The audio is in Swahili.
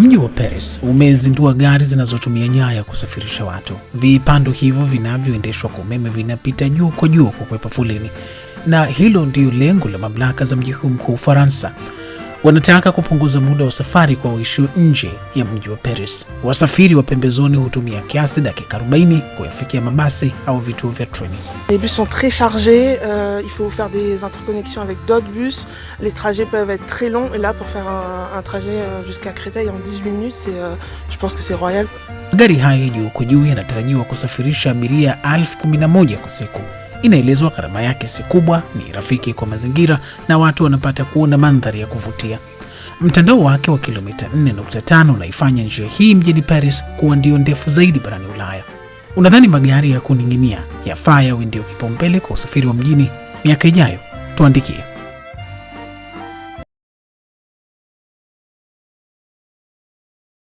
Mji wa Paris umezindua gari zinazotumia nyaya kusafirisha watu. Vipando hivyo vinavyoendeshwa kwa umeme vinapita juu kwa juu kwa kuepa foleni, na hilo ndiyo lengo la mamlaka za mji huu mkuu Ufaransa wanataka kupunguza muda wa safari kwa waishio nje ya mji wa Paris. Wasafiri wa pembezoni hutumia kiasi dakika 40 kuyafikia mabasi au vituo vya treni. Les bus sont très chargés, euh, il faut faire des interconnexions avec d'autres bus. Les trajets peuvent être très longs et là pour faire un, un trajet euh, jusqu'à Créteil en 18 minutes, c'est euh, je pense que c'est royal. Magari hayo yenye uko juu yanatarajiwa kusafirisha abiria elfu kumi na moja kwa siku. Inaelezwa gharama yake si kubwa, ni rafiki kwa mazingira na watu wanapata kuona mandhari ya kuvutia. Mtandao wake wa kilomita 4.5 unaifanya njia hii mjini Paris kuwa ndio ndefu zaidi barani Ulaya. Unadhani magari ya kuning'inia yafaa yawe ndio kipaumbele kwa usafiri wa mjini miaka ijayo? Tuandikie.